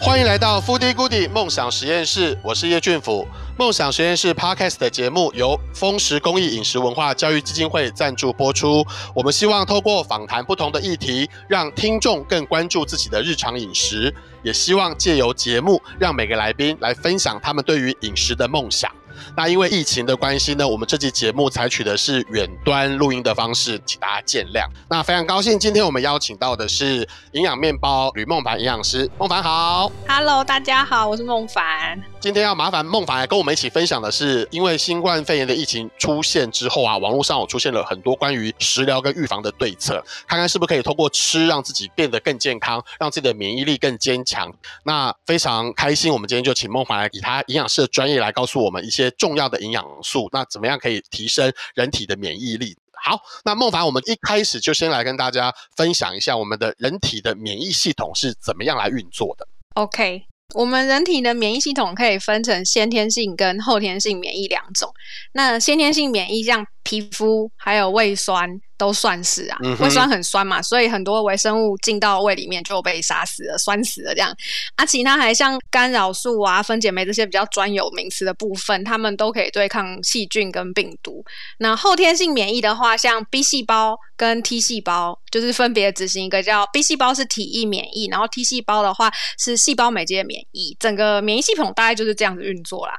歡迎來到 Foodie Goodie 夢想實驗室，我是葉俊甫。夢想實驗室 Podcast 的節目由灃食公益飲食文化教育基金會贊助播出。我們希望透過訪談不同的議題，讓聽眾更關注自己的日常飲食，也希望借由節目讓每個來賓來分享他們對於飲食的夢想。那因為疫情的關係呢，我們這期節目採取的是遠端錄音的方式，請大家見諒。那非常高興，今天我們邀請到的是營養麵包呂孟凡營養師，孟凡好，Hello，大家好，我是孟凡。今天要麻煩孟凡來跟我們一起分享的是，因為新冠肺炎的疫情出現之後啊，網絡上有出現了很多關於食療跟預防的對策，看看是不是可以通過吃讓自己變得更健康，讓自己的免疫力更堅強。那非常開心，我們今天就請孟凡來以他營養師的專業來告訴我們一些。重要的營養素，那怎麼樣可以提升人體的免疫力？好，那孟凡，我們一開始就先來跟大家分享一下我們的人體的免疫系統是怎麼樣來運作的。OK，我們人體的免疫系統可以分成先天性跟後天性免疫兩種。那先天性免疫像皮膚還有胃酸。都算是啊，胃酸很酸嘛，所以很多微生物進到胃裡面就被殺死了，酸死了這樣。啊，其他還像干擾素啊、分解酶、這些比較專有名詞的部分，他們都可以對抗細菌跟病毒。那後天性免疫的話，像 B 細胞跟 T 細胞，就是分別執行一個叫 B 細胞是體液免疫，然後 T 細胞的話是細胞媒介免疫。整個免疫系統大概就是這樣子運作啦。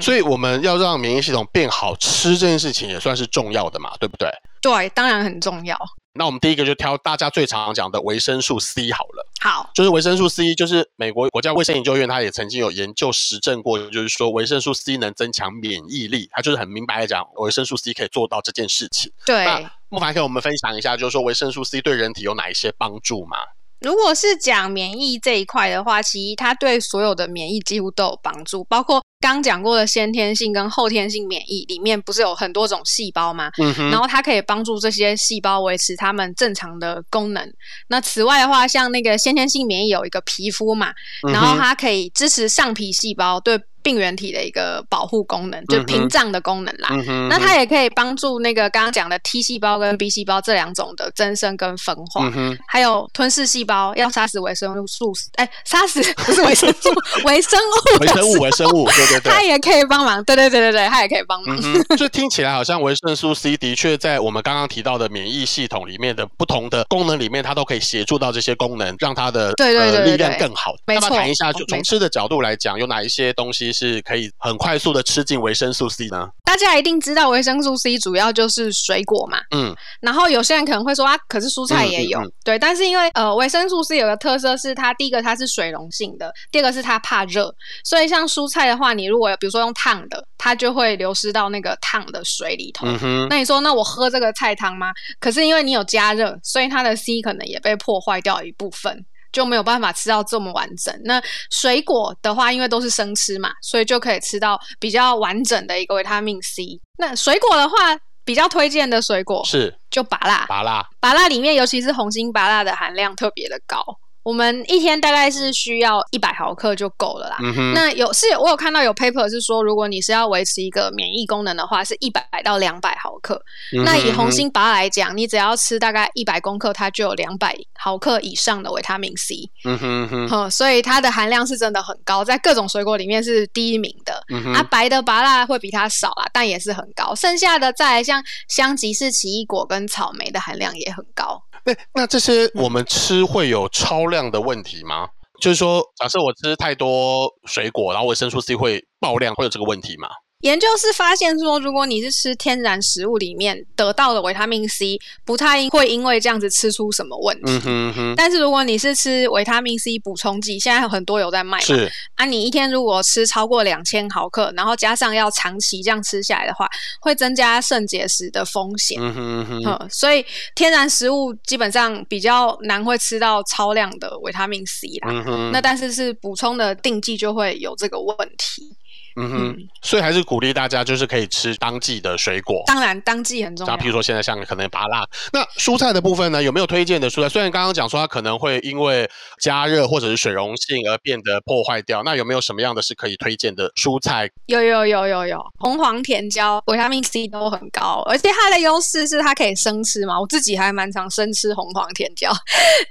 所以我們要讓免疫系統變好，吃這件事情也算是重要的嘛，對不對？對，當然很重要。那我們第一個就挑大家最常講的維生素 C 好了。好，就是維生素 C，就是美國國家衛生研究院，它也曾經有研究實證過，就是說維生素 C 能增強免疫力，它就是很明白的講，維生素 C 可以做到這件事情。對，孟凡可以我們分享一下，就是說維生素 C 對人體有哪一些幫助嘛？如果是講免疫這一塊的話，其實它對所有的免疫幾乎都有幫助，包括剛講過的先天性跟後天性免疫，裡面不是有很多種細胞嗎？嗯哼，然後它可以幫助這些細胞維持它們正常的功能。那此外的話，像那個先天性免疫有一個皮膚嘛，嗯哼，然後它可以支持上皮細胞，對。病原體的一個保護功能，就屏障的功能啦。嗯哼，那它也可以幫助那個剛剛講的 T 細胞跟 B 細胞這兩種的增生跟分化，嗯哼，還有吞噬細胞要殺死維生素，哎，殺死不是維生素，微 生,生物，微生物，微生物，對對對，它也可以幫忙，對對對對對，它也可以幫忙、嗯。就聽起來好像維生素 C 的確在我們剛剛提到的免疫系統裡面的不同的功能裡面，它都可以協助到這些功能，讓它的對對,對,對,對,對、呃、力量更好。那麼談一下就從吃的角度來講，有哪一些東西？是可以很快速的吃進維生素 C 呢？大家一定知道維生素 C 主要就是水果嘛。嗯，然後有些人可能會說啊，可是蔬菜也有、嗯、對，但是因為呃維生素 C 有個特色是它第一個它是水溶性的，第二個是它怕熱，所以像蔬菜的話，你如果比如說用燙的，它就會流失到那個燙的水裡頭。嗯哼，那你說那我喝這個菜湯嗎？可是因為你有加熱，所以它的 C 可能也被破壞掉一部分。就沒有辦法吃到這麼完整。那水果的話，因為都是生吃嘛，所以就可以吃到比較完整的一個維他命 C。那水果的話，比較推薦的水果是就芭樂，芭樂，芭樂裡面，尤其是紅心芭樂的含量特別的高。我們一天大概是需要一百毫克就夠了啦。嗯、那有，是我有看到有 paper 是說，如果你是要維持一個免疫功能的話，是一百到兩百毫克。嗯哼嗯哼。那以紅心芭來講，你只要吃大概一百公克，它就有兩百毫克以上的維他命 C。嗯哼嗯哼嗯，所以它的含量是真的很高，在各種水果裡面是第一名的。嗯、啊，白的芭樂會比它少啦，但也是很高。剩下的再來像香吉士、奇異果跟草莓的含量也很高。欸，那這些我們吃會有超量的問題嗎？就是說，假設我吃太多水果，然後維生素 C 會爆量，會有這個問題嗎？研究是發現說，如果你是吃天然食物裡面得到的維他命 C，不太會因為這樣子吃出什麼問題。嗯哼，嗯哼，但是如果你是吃維他命 C 補充劑，現在有很多有在賣。是。啊，你一天如果吃超過兩千毫克，然後加上要長期這樣吃下來的話，會增加腎結石的風險。嗯哼，嗯哼，所以天然食物基本上比較難會吃到超量的維他命 C 啦。嗯，那但是是補充的錠劑就會有這個問題。嗯哼，所以還是鼓勵大家就是可以吃當季的水果。當然，當季很重要。那比如說現在像可能芭樂，那蔬菜的部分呢，有沒有推薦的蔬菜？雖然剛剛講說它可能會因為加熱或者是水溶性而變得破壞掉。那有沒有什麼樣的是可以推薦的蔬菜？有，有有有有有，紅黃甜椒，維他命 C 都很高，而且它的優勢是它可以生吃嘛。我自己還蠻常生吃紅黃甜椒，嗯，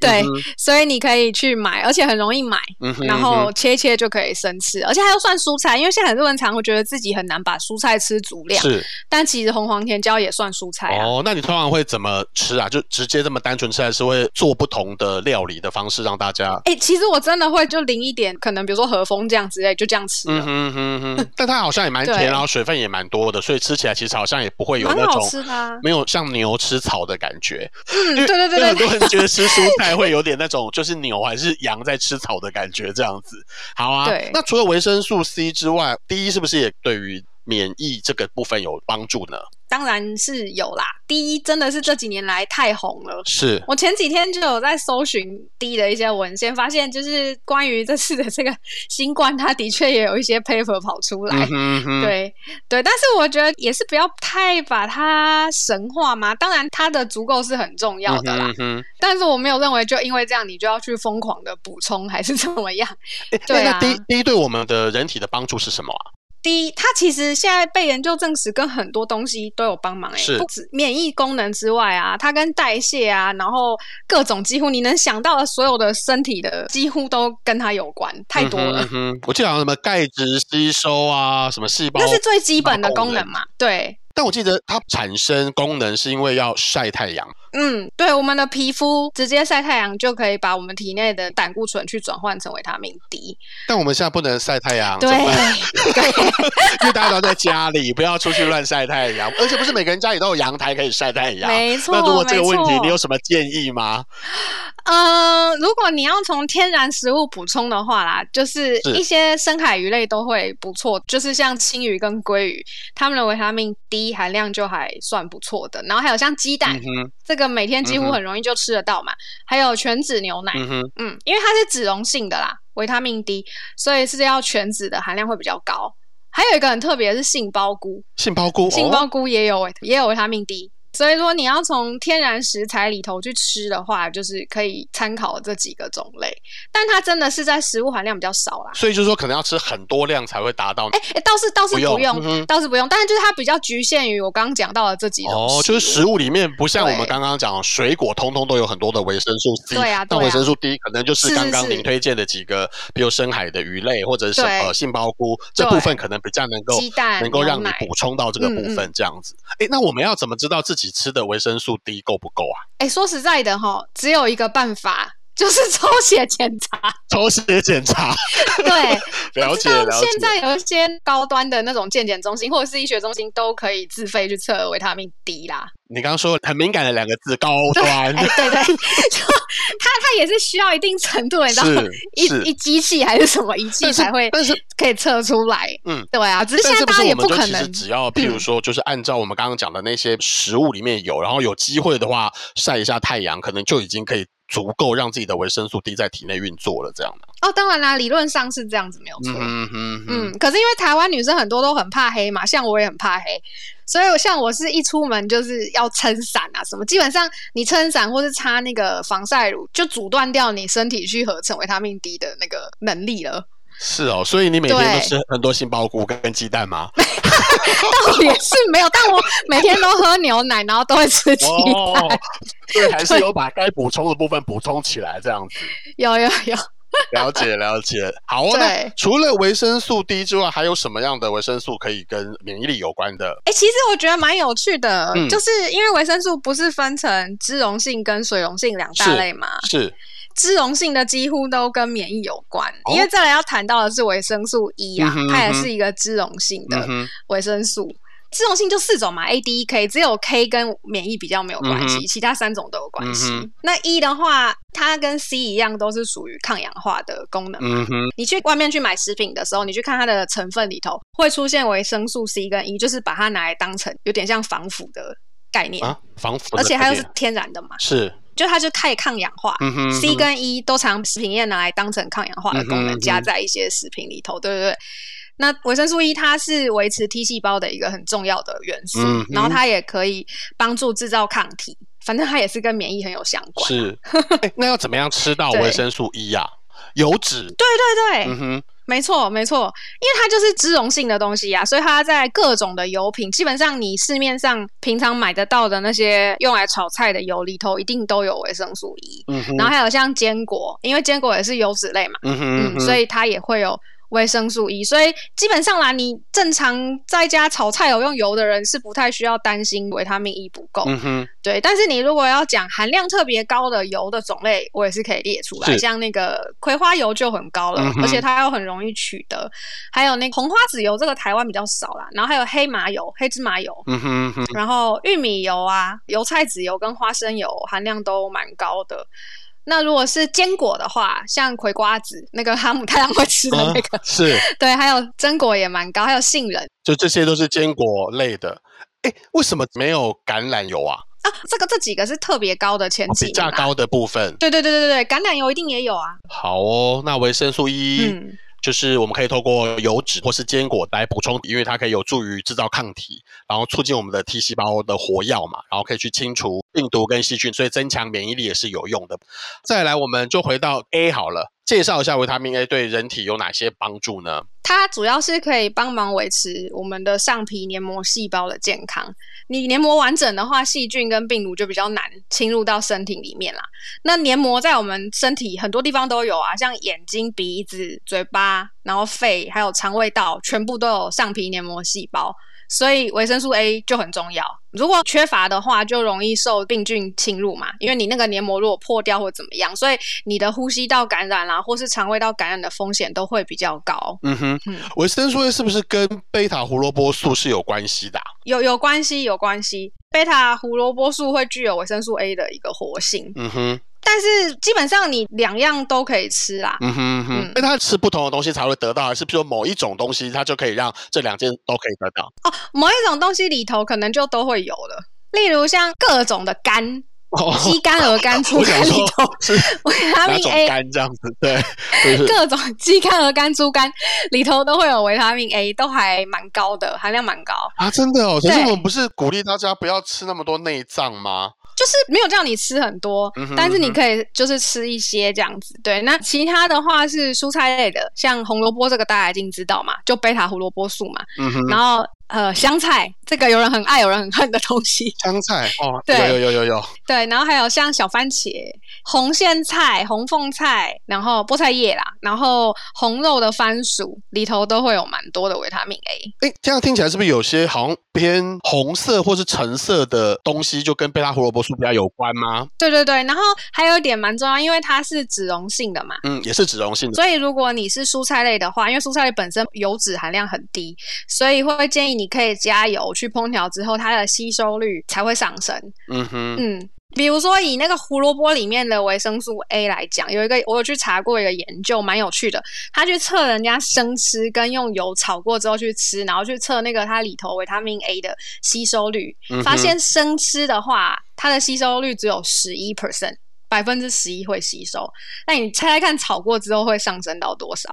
對，所以你可以去買，而且很容易買，嗯哼嗯哼，然後切切就可以生吃，而且還要算蔬菜，因為現在很。很多人常會覺得自己很難把蔬菜吃足量，是。但其實紅黃甜椒也算蔬菜、啊、哦。那你通常會怎麼吃啊？就直接這麼單純吃，還是會做不同的料理的方式讓大家？哎、欸，其實我真的會就淋一點，可能比如說和風醬之類，就這樣吃。嗯哼哼、嗯、哼。但它好像也蠻甜， 然後水分也蠻多的，所以吃起來其實好像也不會有那種沒有像牛吃草的感覺。啊 嗯、對對對、對 很多人覺得吃蔬菜會有點那種，就是牛還是羊在吃草的感覺這樣子。好啊，對。那除了維生素 C 之外。第一，是不是也對於免疫這個部分有幫助呢？當然是有啦，D 真的是這幾年來太紅了。是，我前幾天就有在搜尋 D 的一些文獻，發現就是關於這次的這個新冠，它的確也有一些 paper 跑出來。嗯哼嗯哼，對對，但是我覺得也是不要太把它神化嘛。當然它的足夠是很重要的啦，嗯哼嗯哼，但是我沒有認為就因為這樣你就要去瘋狂的補充還是怎麼樣。欸、對啊、欸。那 D D 對我們的人體的幫助是什麼啊？第一，它其實現在被研究證實跟很多東西都有幫忙、欸、是，不止免疫功能之外啊，它跟代謝啊，然後各種幾乎你能想到的所有的身體的幾乎都跟它有關，太多了。嗯哼，嗯哼，我記得什麼鈣質吸收啊，什麼細胞，那是最基本的功能嘛，對。但我記得它產生功能是因為要曬太陽。嗯，對，我們的皮膚直接曬太陽就可以把我們體內的膽固醇去轉換成為維他命 D。但我們現在不能曬太陽，對，怎麼辦？對對 因為大家都在家裡，不要出去亂曬太陽。 而且不是每個人家裡都有陽台可以曬太陽，沒錯。那如果這個問題，你有什麼建議嗎？嗯、呃，如果你要從天然食物補充的話啦，就是一些深海魚類都會不錯，就是像青魚跟鮭魚，它們的維他命 D 含量就還算不錯的。然後還有像雞蛋、嗯，這個每天幾乎很容易就吃得到嘛。嗯、還有全脂牛奶嗯，嗯，因為它是脂溶性的啦，維他命 D，所以是要全脂的含量會比較高。還有一個很特別的是杏鮑菇，杏鮑菇，哦、杏鮑菇也有也有維他命 D。所以說你要從天然食材裡頭去吃的話，就是可以參考這幾個種類，但它真的是在食物含量比較少啦。所以就是說，可能要吃很多量才會達到你。哎、欸欸，倒是倒是不用、嗯，倒是不用。但是就是它比較局限於我剛剛講到的這幾種。哦，就是食物裡面不像我們剛剛講水果，通通都有很多的維生素 C。對啊，維生素 D 可能就是剛剛您推薦的幾個是是是，比如深海的魚類或者是什麼杏鮑菇，這部分可能比較能夠雞蛋，能夠讓你補充到這個部分這樣子。哎、嗯嗯欸，那我們要怎麼知道自己？自己吃的維生素 D 夠不夠啊？哎、欸，說實在的吼，只有一個辦法，就是抽血檢查。抽血檢查， 對，了解了解，像現在有一些高端的那種健檢中心，或者是醫學中心，都可以自費去測維他命 D 啦。你剛剛說很敏感的兩個字，高端。對對，對， 就他他也是需要一定程度的，你知道嗎？一一機器還是什麼儀器才會，就是可以測出來。嗯，對啊，只是現在大家也不可能。只要嗯、譬如說，就是按照我們剛剛講的那些食物裡面有，然後有機會的話，曬一下太陽，可能就已經可以。足夠讓自己的維生素 D 在體內運作了，這樣的。哦，當然啦，理論上是這樣子，沒有錯。嗯嗯嗯，嗯，可是因為台灣女生很多都很怕黑嘛，像我也很怕黑，所以像我是一出門就是要撐傘啊什麼，基本上你撐傘或是擦那個防曬乳，就阻斷掉你身體去合成維他命 D 的那個能力了。是哦，所以你每天都吃很多杏鮑菇跟雞蛋嗎？倒也 是沒有， 但我每天都喝牛奶，然後都會吃雞蛋，所、oh, 以、oh, oh. 還是有把該補充的部分補充起來，這樣子。有有有。 了解了解，好嘞、哦，那除了維生素 D 之外，還有什麼樣的維生素可以跟免疫力有關的？哎、欸，其實我覺得蠻有趣的、嗯，就是因為維生素不是分成脂溶性跟水溶性兩大類嘛，是，脂溶性的幾乎都跟免疫有關，哦、因為再來要談到的是維生素 E 啊，它、嗯嗯、也是一個脂溶性的維生素。嗯自動性就四種嘛，A、D、E、K，只有 K 跟免疫比較沒有關係、嗯，其他三種都有關係、嗯。那 E 的話，它跟 C 一樣，都是屬於抗氧化的功能嘛、嗯。你去外面去買食品的時候，你去看它的成分裡頭會出現維生素 C 跟 E，就是把它拿來當成有點像防腐的概念、啊、防腐，而且它又是天然的嘛，是，就它就太抗氧化嗯哼嗯哼。C 跟 E 都常食品業拿來當成抗氧化的功能嗯哼嗯哼，加在一些食品裡頭，對不對？那維生素 E 它是維持 T 細胞的一個很重要的元素，嗯、然後它也可以幫助制造抗體，反正它也是跟免疫很有相關、啊。是 欸，那要怎麼樣吃到維生素 E 呀？、啊？油脂。對對對，嗯哼，沒錯沒錯，因為它就是脂溶性的東西啊，所以它在各種的油品，基本上你市面上平常買得到的那些用來炒菜的油裡頭，一定都有維生素 E。嗯哼，然後還有像堅果，因為堅果也是油脂類嘛，嗯哼，嗯哼嗯，所以它也會有。維生素 E，所以基本上啦，你正常在家炒菜有用油的人是不太需要擔心維他命 E 不夠。嗯哼，對。但是你如果要講含量特別高的油的種類，我也是可以列出來，像那個葵花油就很高了，嗯，而且它又很容易取得。還有那個紅花籽油，這個台灣比較少啦；然後還有黑麻油、黑芝麻油，嗯哼哼，然後玉米油啊、油菜籽油跟花生油含量都蠻高的。那如果是堅果的話，像葵瓜子，那個哈姆太郎會吃的那個，嗯、是， 對，還有榛果也蠻高，還有杏仁，就這些都是堅果類的。哎，為什麼沒有橄欖油啊？啊，這個這幾個是特別高的前幾、啊，比較高的部分。對對對對對對，橄欖油一定也有啊。好哦，那維生素 E，嗯、就是我們可以透過油脂或是堅果來補充，因為它可以有助於製造抗體，然後促進我們的 T 細胞的活躍嘛，然後可以去清除病毒跟細菌，所以增強免疫力也是有用的。再來，我們就回到 A 好了，介紹一下維他命 A 對人體有哪些幫助呢？它主要是可以幫忙維持我們的上皮黏膜細胞的健康。你黏膜完整的話，細菌跟病毒就比較難侵入到身體裡面啦。那黏膜在我們身體很多地方都有啊，像眼睛、鼻子、嘴巴，然後肺，還有腸胃道，全部都有上皮黏膜細胞。所以維生素 A 就很重要，如果缺乏的話，就容易受病菌侵入嘛。因為你那個黏膜如果破掉或怎麼樣，所以你的呼吸道感染啦、啊，或是腸胃道感染的風險都會比較高。嗯哼，維生素 A 是不是跟貝塔胡蘿蔔素是有關係的、啊？有有關係，有關係。貝塔胡蘿蔔素會具有維生素 A 的一個活性。嗯哼。但是基本上你兩樣都可以吃啊，嗯哼哼，為、嗯欸、他吃不同的東西才會得到，還是比如說某一種東西，它就可以讓這兩件都可以得到？哦，某一種東西裡頭可能就都會有的，例如像各種的肝，哦、雞肝、鵝肝、豬肝裡頭是肝維他命 A 這樣子，對，各種雞肝、鵝肝、豬肝裡頭都會有維他命 A，都還蠻高的含量，蠻高。啊，真的哦，可是我們不是鼓勵大家不要吃那麼多內臟嗎？就是沒有叫你吃很多嗯哼嗯哼，但是你可以就是吃一些這樣子。對，那其他的話是蔬菜類的，像紅蘿蔔這個大家已經知道嘛，就貝塔胡蘿蔔素嘛。嗯然後呃香菜。這個有人很愛，有人很恨的東西，香菜 哦，對，有有有有，對，然後還有像小番茄、紅莧菜、紅鳳菜，然後菠菜葉啦，然後紅肉的番薯裡頭都會有蠻多的維他命 A。哎、欸，這樣聽起來是不是有些好像偏紅色或是橙色的東西，就跟貝塔胡蘿蔔素比較有關嗎？對對對，然後還有一點蠻重要，因為它是脂溶性的嘛，嗯，也是脂溶性的，所以如果你是蔬菜類的話，因為蔬菜類本身油脂含量很低，所以會建議你可以加油。去烹調之後，它的吸收率才會上升。嗯哼，嗯，比如說以那個胡蘿蔔裡面的維生素 A 來講，有一個我有去查過一個研究，蠻有趣的。他去測人家生吃跟用油炒過之後去吃，然後去測那個它裡頭維他命 A 的吸收率。嗯，發現生吃的話，它的吸收率只有十一 percent，百分之十一會吸收。那你猜猜看，炒過之後會上升到多少？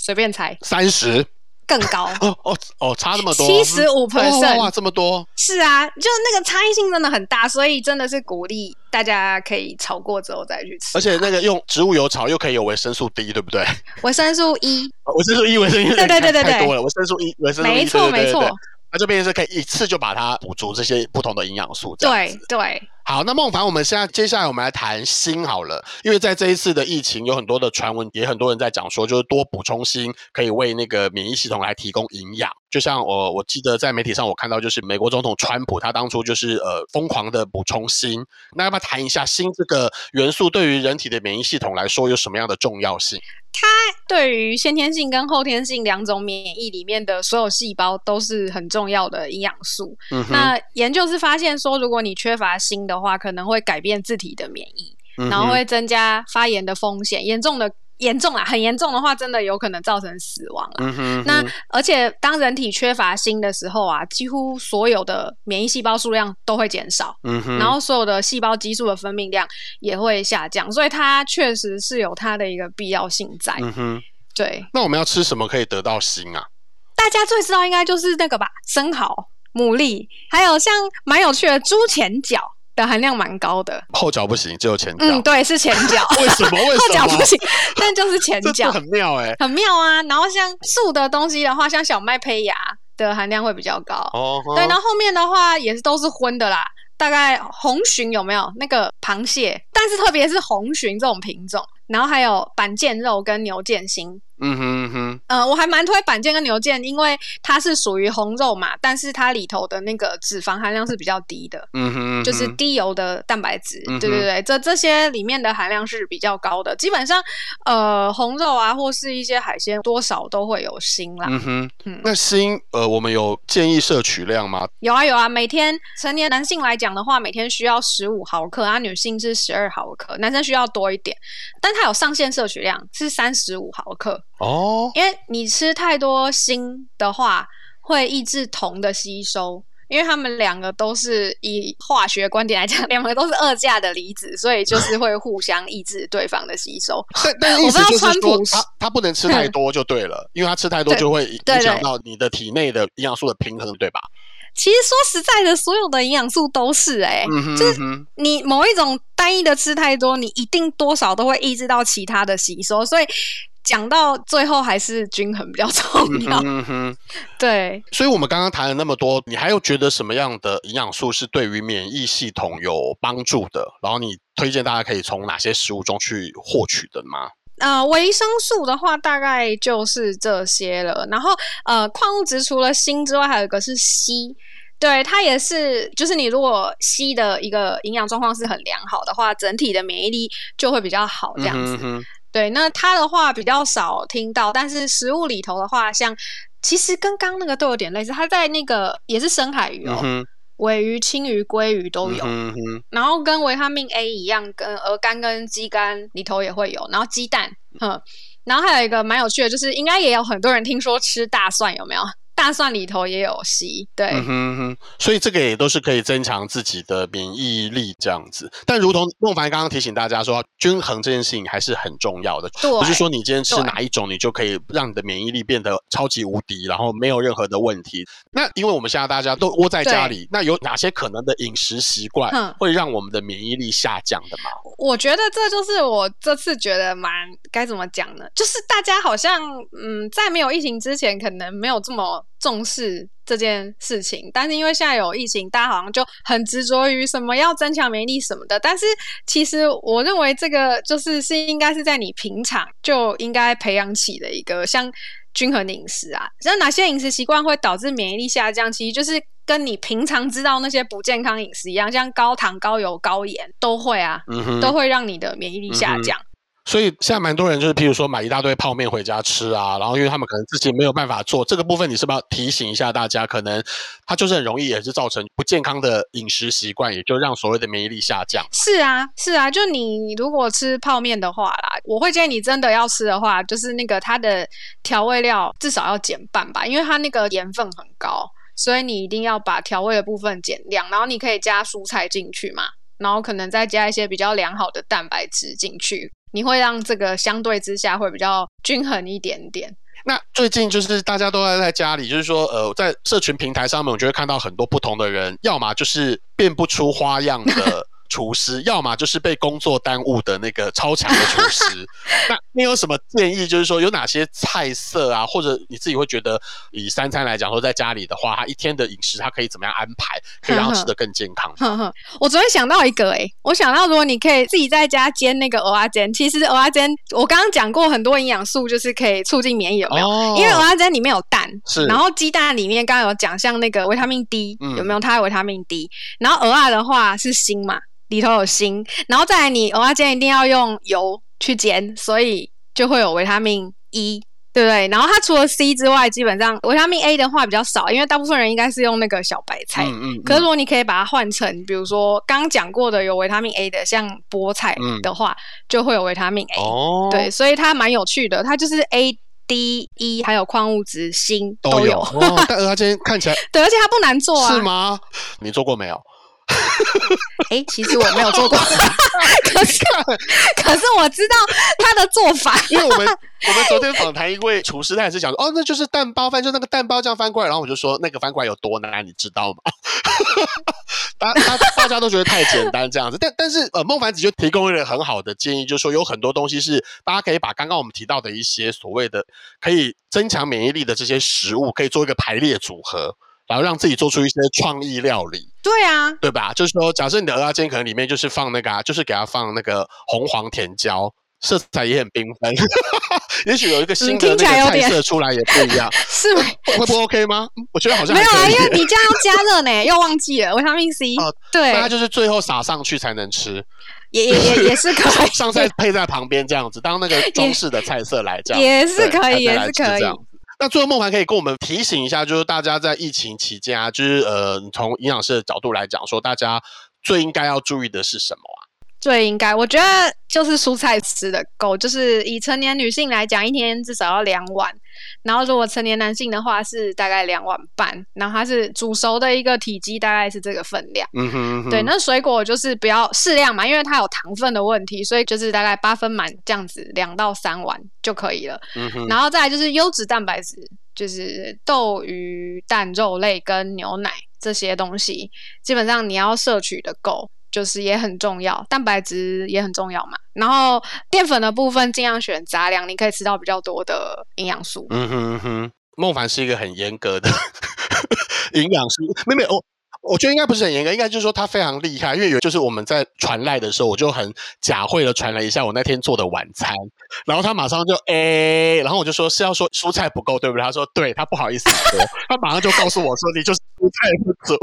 隨便猜。三十。更高哦？哦哦，差這麼多，七十五 percent。哇，這麼多，是啊，就那個差異性真的很大，所以真的是鼓勵大家可以炒過之後再去吃，而且那個用植物油炒又可以有維生素 D，對不對？維生素 E，維生素 E，維生素 E。對對對對對，太多了，維生素 E，維生素 E。沒錯對對對對沒錯，那這邊是可以一次就把它補足這些不同的營養素，對對。對。好，那孟凡，我們現在接下來我們來談鋅好了，因為在這一次的疫情，有很多的傳聞，也很多人在講說，就是多補充鋅可以為那個免疫系統來提供營養。就像我、呃、我記得在媒體上我看到，就是美國總統川普他當初就是呃瘋狂的補充鋅。那要不要談一下鋅這個元素對於人體的免疫系統來說有什麼樣的重要性？它對於先天性跟後天性兩種免疫裡面的所有細胞都是很重要的營養素、嗯。那研究是發現說，如果你缺乏鋅的話，可能會改變自體的免疫，嗯、然後會增加發炎的風險，嚴重的。嚴重啊，很嚴重的話，真的有可能造成死亡啊。嗯哼嗯哼。那而且當人體缺乏鋅的時候啊，幾乎所有的免疫細胞數量都會減少，嗯哼，然後所有的細胞激素的分泌量也會下降，所以它確實是有它的一個必要性在。嗯哼，對。那我們要吃什麼可以得到鋅啊？大家最知道應該就是那個吧，生蠔、牡蠣，還有像蠻有趣的豬前腳的含量蠻高的，後腳不行，只有前腳。嗯，對，是前腳。 為什麼？為什麼？後腳不行，但就是前腳 很妙哎、欸，很妙啊。然後像素的東西的話，像小麥胚芽的含量會比較高哦。Oh, oh. 對，然後後面的話也是都是葷的啦。大概紅鱘有沒有那個螃蟹？但是特別是紅鱘這種品種，然後還有板腱肉跟牛腱心。嗯哼嗯哼，呃，我還蠻推板腱跟牛腱，因為它是屬於紅肉嘛，但是它裡頭的那個脂肪含量是比較低的。嗯哼，嗯哼，就是低油的蛋白質、嗯。對對對，這這些裡面的含量是比較高的。基本上，呃，紅肉啊或是一些海鮮，多少都會有鋅啦。嗯哼，嗯那鋅呃，我們有建議攝取量嗎？有啊有啊，每天成年男性來講的話，每天需要十五毫克，啊，女性是十二毫克，男生需要多一點，但它有上限攝取量是三十五毫克。哦，因為你吃太多鋅的話，會抑制銅的吸收，因為它們兩個都是以化學觀點來講，兩個都是二價的離子，所以就是會互相抑制對方的吸收。對、 嗯、我知道川普意思就是說他，他不能吃太多就對了， 因為他吃太多就會影響到你的體內的營養素的平衡，對吧對對對？其實說實在的，所有的營養素都是哎、欸嗯嗯，就是你某一種單一的吃太多，你一定多少都會抑制到其他的吸收，所以。講到最後還是均衡比較重要。嗯哼嗯哼。 對，所以，我們剛剛談了那麼多，你還有覺得什麼樣的營養素是對於免疫系統有幫助的？然後，你推薦大家可以從哪些食物中去獲取的嗎？呃，維生素的話，大概就是這些了。然後，呃，礦物質除了鋅之外，還有一個是硒，對，它也是，就是你如果硒的一個營養狀況是很良好的話，整體的免疫力就會比較好，這樣子。嗯哼嗯哼對，那它的話比較少聽到，但是食物裡頭的話，像其實跟剛剛那個都有點類似，它在那個也是深海魚哦，鮪、嗯、魚、鯖魚、鮭魚都有，嗯哼哼，然後跟維他命 A 一樣，跟鵝肝、跟雞肝裡頭也會有，然後雞蛋，哼，然後還有一個蠻有趣的，就是應該也有很多人聽說吃大蒜有沒有？大蒜裡頭也有硒，對。嗯哼嗯哼，所以這個也都是可以增強自己的免疫力這樣子。但如同孟凡剛剛提醒大家說，均衡這件事情還是很重要的，不是說你今天吃哪一種，你就可以讓你的免疫力變得超級無敵，然後沒有任何的問題。那因為我們現在大家都窩在家裡，那有哪些可能的飲食習慣會讓我們的免疫力下降的嗎？嗯，我覺得這就是我這次覺得蠻該怎麼講呢？就是大家好像嗯，在沒有疫情之前，可能沒有這麼。重視這件事情，但是因為現在有疫情，大家好像就很執着於什麼要增強免疫力什麼的。但是其實我認為這個就是是應該是在你平常就應該培養起的一個像均衡的飲食啊。然後哪些飲食習慣會導致免疫力下降？其實就是跟你平常知道那些不健康飲食一樣，像高糖、高油、高鹽都會啊，嗯，都會讓你的免疫力下降。嗯所以現在蠻多人就是，譬如說買一大堆泡麵回家吃啊，然後因為他們可能自己沒有辦法做這個部分，你是不是要提醒一下大家，可能它就是很容易也是造成不健康的飲食習慣，也就讓所謂的免疫力下降。是啊，是啊，就你如果吃泡麵的話啦，我會建議你真的要吃的話，就是那個它的調味料至少要減半吧，因為它那個鹽分很高，所以你一定要把調味的部分減量，然後你可以加蔬菜進去嘛，然後可能再加一些比較良好的蛋白質進去。你會讓這個相對之下會比較均衡一點點。那最近就是大家都在家裡，就是說，呃，在社群平台上面，我就會看到很多不同的人，要麼就是變不出花樣的廚師， 要麼就是被工作耽誤的那個超強的廚師。 那你有什麼建議？就是說，有哪些菜色啊？或者你自己會覺得，以三餐來講，說在家裡的話，他一天的飲食，他可以怎麼樣安排，可以讓他吃得更健康。呵呵呵呵。我昨天想到一個、欸，誒我想到如果你可以自己在家煎那個蚵仔煎，其實蚵仔煎我剛剛講過很多營養素，就是可以促進免疫有沒有、哦，因為蚵仔煎裡面有蛋，是，然後雞蛋裡面剛剛有講，像那個維他命 D，、嗯、有沒有？它的維他命 D，然後蚵仔的話是鋅嘛，裡頭有鋅，然後再來你蚵仔煎一定要用油。去煎，所以就會有維他命 E，對不對？然後它除了 C 之外，基本上維他命 A 的話比較少，因為大部分人應該是用那個小白菜。嗯，嗯嗯，可是如果你可以把它換成，比如說剛講過的有維他命 A 的，像菠菜的話，嗯，就會有維他命 A。哦，對，所以它蠻有趣的，它就是 A、D、E 還有礦物質鋅都有。都有哦，但是它今天看起來 對，而且它不難做啊，是嗎？你做過沒有？ 哎，其實我沒有做過， 可是 可是我知道他的做法啊。因為我們我們昨天訪談一位廚師，他也是講說，哦，那就是蛋包飯，就那個蛋包這樣翻過來，然後我就說那個翻過來有多難，你知道嗎？大 大大家都覺得太簡單這樣子，但但是呃，孟凡子就提供了一個很好的建議，就是說有很多東西是大家可以把剛剛我們提到的一些所謂的可以增強免疫力的這些食物，可以做一個排列組合。然後讓自己做出一些創意料理，對啊，對吧？就是說，假設你的蚵仔煎可能裡面就是放那個啊，就是給它放那個紅黃甜椒，色彩也很繽紛。 也許有一個新的那個菜色出來也不一樣，啊、 是嗎、啊？會不 OK 嗎？我覺得好像沒有啊，因、哎、為你這樣要加熱呢、欸， 又忘記了，我什麼是。哦、啊，對，那它就是最後撒上去才能吃，也也也也是可以，上菜配在旁邊這樣子，當那個裝飾的菜色來這樣，也是可以，也是可以。那最後孟凡可以跟我們提醒一下，就是大家在疫情期間啊，就是呃，從營養師的角度來講，說大家最應該要注意的是什麼？最應該，我覺得就是蔬菜吃的夠，就是以成年女性來講，一天至少要兩碗，然後如果成年男性的話是大概兩碗半，然後它是煮熟的一個體積，大概是這個分量。嗯哼，嗯哼，對，那水果就是不要適量嘛，因為它有糖分的問題，所以就是大概八分滿這樣子，兩到三碗就可以了。嗯哼，然後再來就是優質蛋白質，就是豆、魚、蛋、肉類跟牛奶這些東西，基本上你要攝取的夠。就是也很重要，蛋白質也很重要嘛。然後澱粉的部分盡量選雜糧，你可以吃到比較多的營養素。嗯哼哼、嗯、哼，孟凡是一個很嚴格的營 養師。沒沒，我我覺得應該不是很嚴格，應該就是說他非常厲害，因為有就是我們在傳賴的時候，我就很假會的傳了一下我那天做的晚餐，然後他馬上就哎、欸，然後我就說是要說蔬菜不夠對不對？他說對，他不好意思說， 他馬上就告訴我說你就是。蔬菜不足，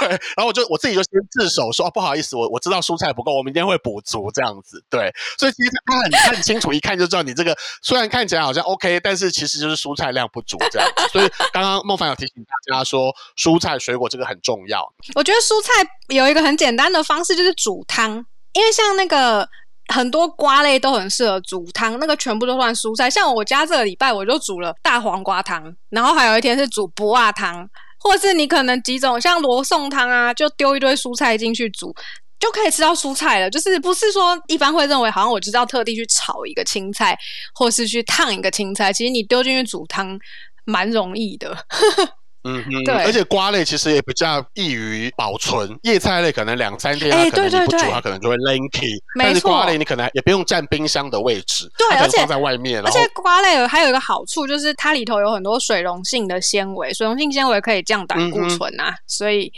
對，然後我就我自己就先自首說，哦，不好意思，我我知道蔬菜不夠，我明天會補足這樣子，對，所以其實他很 你看很清楚，一看就知道你這個雖然看起來好像 OK，但是其實就是蔬菜量不足這樣子， 所以剛剛孟凡有提醒大家說，蔬菜水果這個很重要。我覺得蔬菜有一個很簡單的方式就是煮湯，因為像那個很多瓜類都很適合煮湯，那個全部都算蔬菜，像我家這個禮拜我就煮了大黃瓜湯，然後還有一天是煮蒲瓜湯。或是你可能幾種像羅宋湯啊，就丟一堆蔬菜進去煮，就可以吃到蔬菜了。就是不是說一般會認為好像我就是要特地去炒一個青菜，或是去燙一個青菜，其實你丟進去煮湯蠻容易的。 嗯哼，對，而且瓜類其實也比較易於保存，葉菜類可能兩三天它可能不、欸、對對對對它可能就會爛掉沒錯，但是瓜類你可能也不用占冰箱的位置，對，而且放在外面。而且瓜類還有一個好處就是它裡頭有很多水溶性的纖維，水溶性纖維可以降膽固醇啊、嗯，所以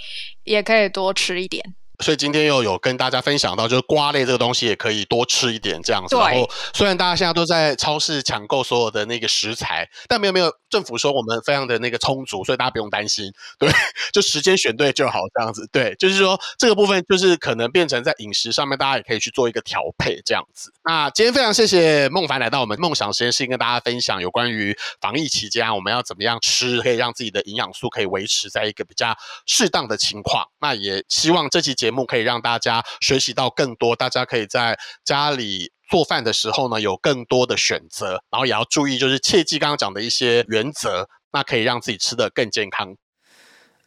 也可以多吃一點。所以今天又有跟大家分享到，就是瓜類這個東西也可以多吃一點，這樣子。然後雖然大家現在都在超市搶購所有的那個食材，但沒有沒有。政府說我們非常的那個充足，所以大家不用擔心。對，就時間選對就好，這樣子。對，就是說這個部分就是可能變成在飲食上面，大家也可以去做一個調配這樣子。那今天非常謝謝孟凡來到我們夢想實驗室跟大家分享有關於防疫期間，啊，我們要怎麼樣吃可以讓自己的營養素可以維持在一個比較適當的情況。那也希望這期節目可以讓大家學習到更多，大家可以在家裡。做飯的時候呢，有更多的選擇，然後也要注意，就是切記剛剛講的一些原則，那可以讓自己吃得更健康。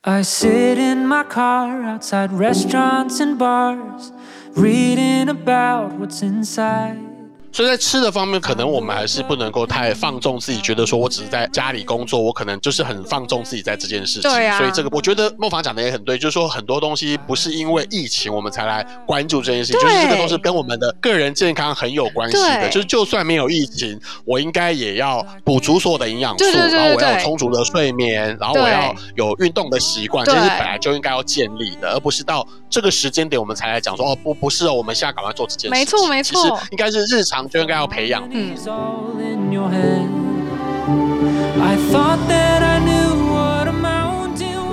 I sit in my car, outside restaurants and bars, reading about what's inside. 所以在吃的方面，可能我們還是不能夠太放縱自己，嗯，覺得說我只是在家裡工作，我可能就是很放縱自己在這件事情，對啊。所以這個我覺得孟凡講的也很對，就是說很多東西不是因為疫情我們才來關注這件事情，就是這個東西跟我們的個人健康很有關係的。就是就算沒有疫情，我應該也要補足所有的營養素對對對對對對，然後我要有充足的睡眠，然後我要有運動的習慣，這是本來就應該要建立的，而不是到這個時間點我們才來講說哦不不是哦，我們現在趕快做這件事情。沒錯沒錯。其實應該是日常。就應該要培養。嗯。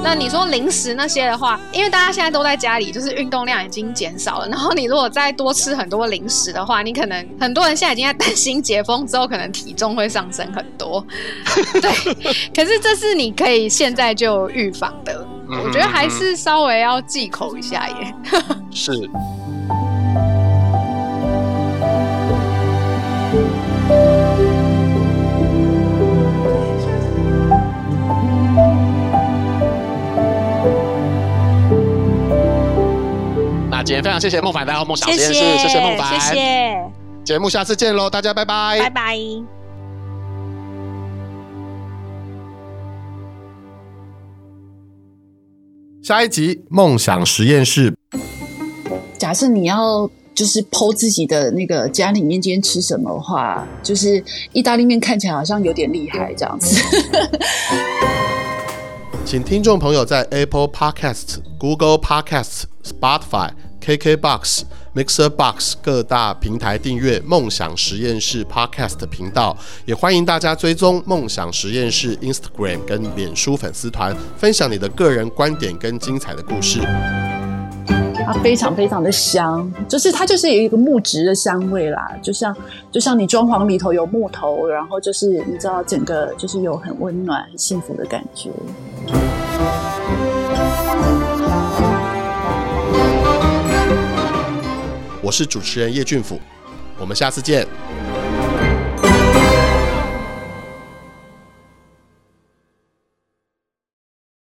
那你說零食那些的話，因為大家現在都在家裡，就是運動量已經減少了。然後你如果再多吃很多零食的話，你可能很多人現在已經在擔心解封之後可能體重會上升很多。 對， 可是這是你可以現在就預防的。 我覺得還是稍微要忌口一下耶。是。姐，非常謝謝孟凡的《夢想實驗室》，謝謝，謝謝孟凡。節目下次見嘍，大家拜拜，拜拜。下一集《夢想實驗室》，假設你要就是剖自己的那個家裡面今天吃什麼的話，就是意大利麵看起來好像有點厲害這樣子。 請聽眾朋友在 Apple Podcast、Google Podcast、Spotify。KK Box、Mixer Box 各大平台訂閱“夢想實驗室 ”Podcast 頻道，也歡迎大家追蹤“夢想實驗室 ”Instagram 跟臉書粉絲團，分享你的個人觀點跟精彩的故事。它非常非常的香，就是它就是有一個木質的香味啦，就像就像你裝潢裡頭有木頭，然後就是你知道整個就是有很溫暖、很幸福的感覺。嗯我是主持人葉俊甫，我們下次見。